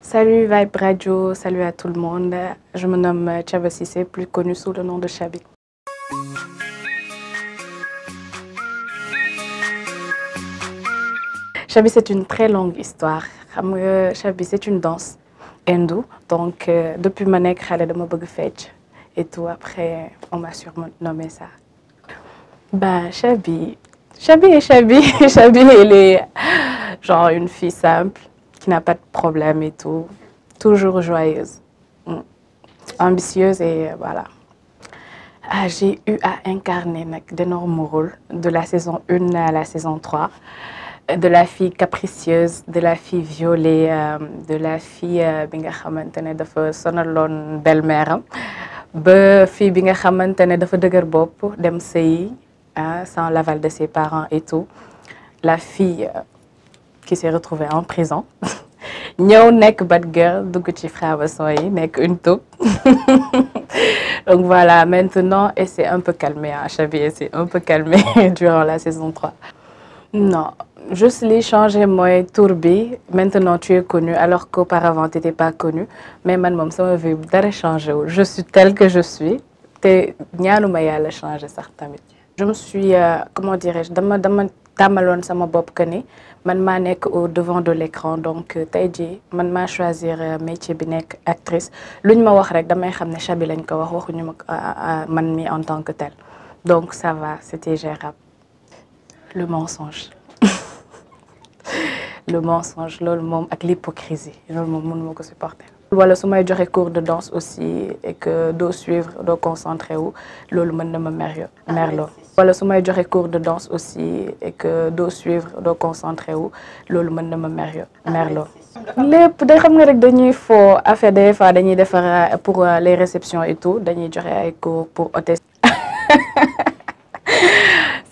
Salut Vibe Radio, salut à tout le monde. Je me nomme Chava Sissé, plus connu sous le nom de Chabi. Chabi, c'est une très longue histoire. Chabi, c'est une danse hindoue. Donc, depuis mon depuis ma est de Mobog Et tout, après, on m'a surnommé ça. Bah, Chabi. Chabi est Chabi. Chabi, elle est genre une fille simple qui n'a pas de problème et tout. Toujours joyeuse, mm. ambitieuse et euh, voilà. Ah, j'ai eu à incarner d'énormes rôles de la saison 1 à la saison 3. De la fille capricieuse, de la fille violée, euh, de la fille euh, bi nga de une belle-mère De la fille bi nga xamante de dafa dëgër bopp ah, sans l'aval de ses parents et tout. La fille qui s'est retrouvé en prison ñëw nek bad girl donc tu frères une taupe donc voilà maintenant et c'est un peu calmé à hein, Chabi c'est un peu calmé durant la saison 3 non je suis changé moi tourbi. maintenant tu es connu alors qu'auparavant n'étais pas connu mais maintenant ça veut veut dire je suis telle que je suis te ñaanuma à changé certains je me suis euh, comment dirais-je dans ma tàmmaloon sama bopp que ni man ma nek au devant de l'écran donc euh, tayji man ma choisir euh, métier bi nek actrice luñ ma wax rek damay xamné Chabi lañ ko wax waxuñu ma euh, man mi en tant que tel donc ça va c'était gérable le mensonge le mensonge le mom ak l'hypocrisie loolu mom mënu ma ko supporter wala su may joxe cours de danse aussi et que dois suivre doo concentré wu loolu mën na ma mer ah Voilà, wala su may cours de danse aussi et que dois suivre doo concentré wu loolu mën na ma mer ah merloo lépp day xam nga rek dañuy faux affaire des fois dañuy defar euh, pour euh, les réceptions et tout dañuy joxe ay cours pour hôtesse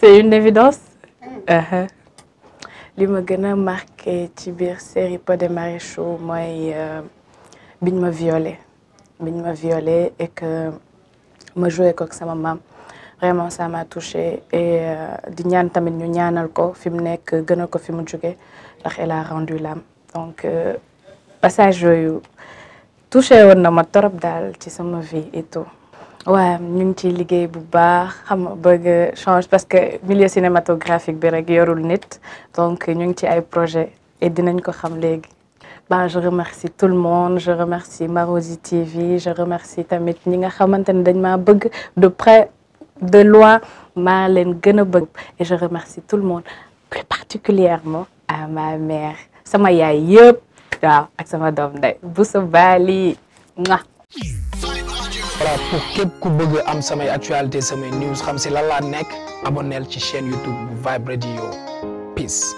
c'est une évidence mm. uh-huh. li ma gën a marqué ci biir série Pod et Marichou mooy euh, biñ ma violé biñ ma violé et que me jouer comme sa maman vraiment ça m'a touché et euh, di ñaan tamit ñu ñaanal ko fim ko elle a rendu l'âme donc euh, passage touché na ma torop dal ci sama vie et tout Ouais, ñu ngi bu change parce que milieu cinématographique bi rek yorul nit donc ñu ci ay et dinañ ko xam ben, je remercie tout le monde, je remercie Marosi TV, je remercie tamit ñi nga de près de loin maa leen et je remercie tout le monde plus particulièrement à ma mère sama yaay yëpp waaw ak sama doom ndey Bali pour que vous bëgg am samay actualité samay news xam si lan la vous abonneel ci chaîne YouTube bu Vibe Radio peace